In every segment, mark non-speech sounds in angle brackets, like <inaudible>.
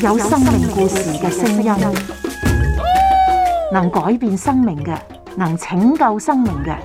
有生命故事嘅聲音，能改變生命嘅，能拯救生命嘅，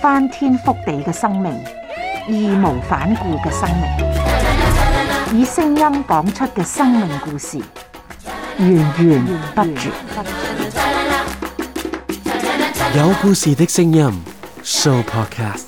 翻天覆地嘅生命，義無反顧嘅生命，以聲音講出嘅生命故事，源源不絕。有故事嘅聲音，Show Podcast。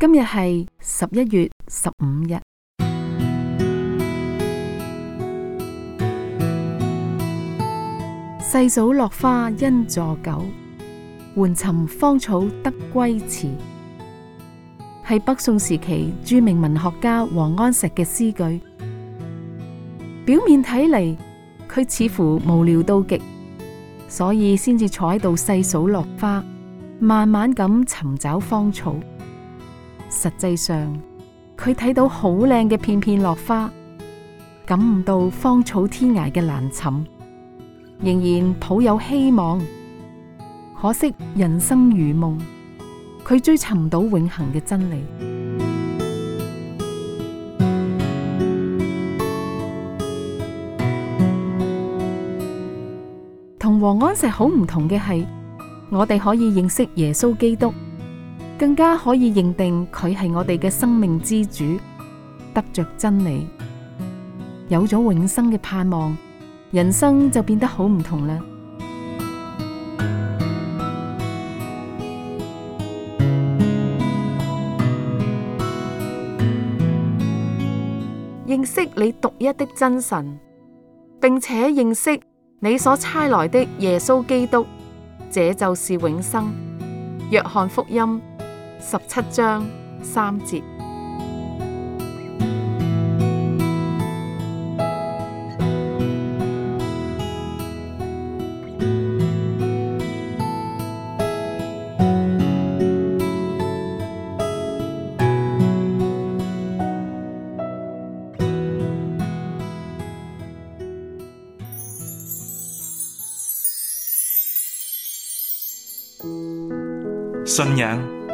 今日係十一月十五日。細數落花因坐久，緩尋芳草得歸遲。係北宋時期著名文學家王安石嘅詩句。表面睇嚟，佢似乎無聊到極，所以先至坐喺度細數落花，慢慢咁尋找芳草。實際上，佢睇到好靚嘅片片落花，感悟到芳草天涯嘅難尋，仍然抱有希望。可惜人生如夢，佢追尋唔到永恆嘅真理。同王 <music> 安石好唔同嘅係，我哋可以認識耶穌基督。更加可以認定佢係我哋嘅生命之主，得着真理，有咗永生嘅盼望，人生就變得好唔同啦。認識你獨一的真神，並且認識你所差來的耶穌基督，這就是永生。約翰福音。十七章三節，信仰。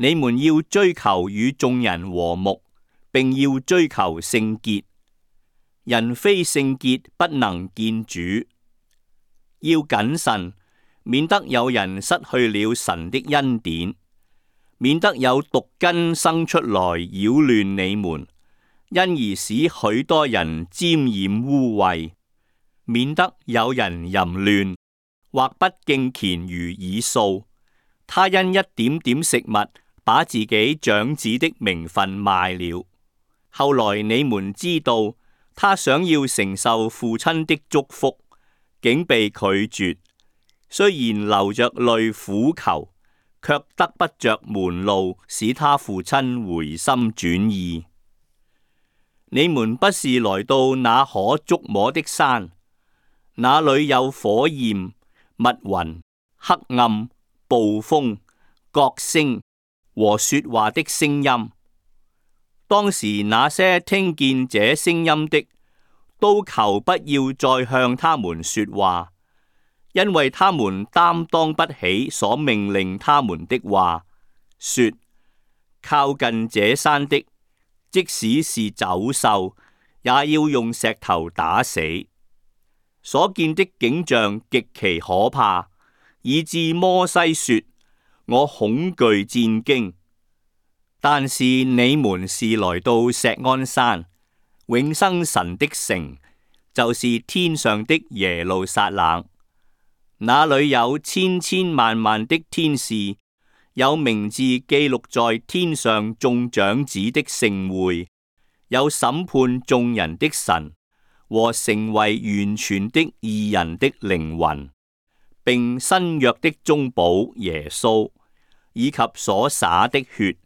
你們要追求與眾人和睦，並要追求聖潔。人非聖潔不能見主。要謹慎，免得有人失去了神的恩典，免得有毒根生出來擾亂你們，因而使許多人沾染污穢；免得有人淫亂或不敬虔如以掃，他因一點點食物。把自己長子的名分賣了，後來你們知道他想要承受父親的祝福，竟被拒絕。雖然流着淚苦求，卻得不着門路，使他父親回心轉意。你們不是來到那可觸摸的山，那裏有火焰、密雲、黑暗、暴風、角聲。和說話的聲音。當時那些聽見這聲音的，都求不要再向他們說話，因為他們擔當不起所命令他們的話。說靠近這山的，即使是走獸，也要用石頭打死。所見的景象極其可怕，以致摩西說。我恐懼戰驚，但是你們是來到錫安山、永生神的城，就是天上的耶路撒冷。那裏有千千萬萬的天使，有名字記錄在天上眾長子的聖會，有審判眾人的神和成為完全的義人的靈魂，並新約的中保耶穌。以及所灑的血，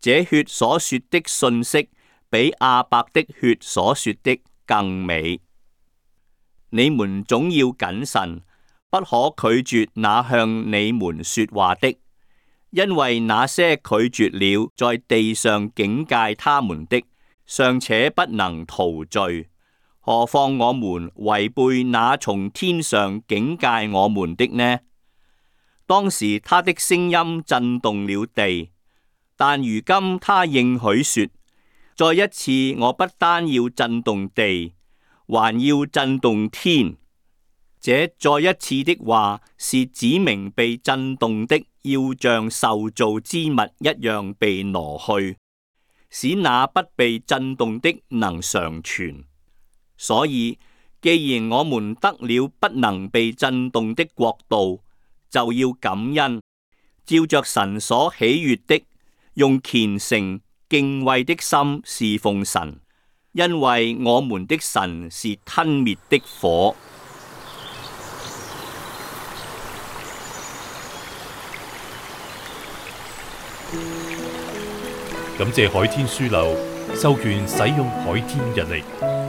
這血所說的訊息比亞伯的血所說的更美。你們總要謹慎，不可拒絕那向你們說話的，因為那些拒絕了在地上警戒他們的，尚且不能逃罪，何況我們違背那從天上警戒我們的呢？當時他的聲音震動了地，但如今他應許說：再一次，我不單要震動地，還要震動天。這再一次的話，是指明被震動的要像受造之物一樣被挪去，使那不被震動的能常存。所以，既然我們得了不能被震動的國度，就要感恩，照着神所喜悅的，用虔誠敬畏的心侍奉神，因為我們的神是吞滅的火。感謝海天書樓授權使用海天日曆。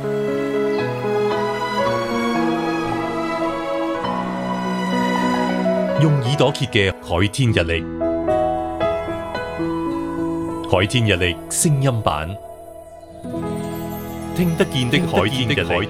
用耳朵揭嘅《海天日曆》，《海天日曆》聲音版，聽得見的《海天日曆》。